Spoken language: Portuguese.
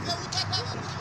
acabou, acabou, acabou.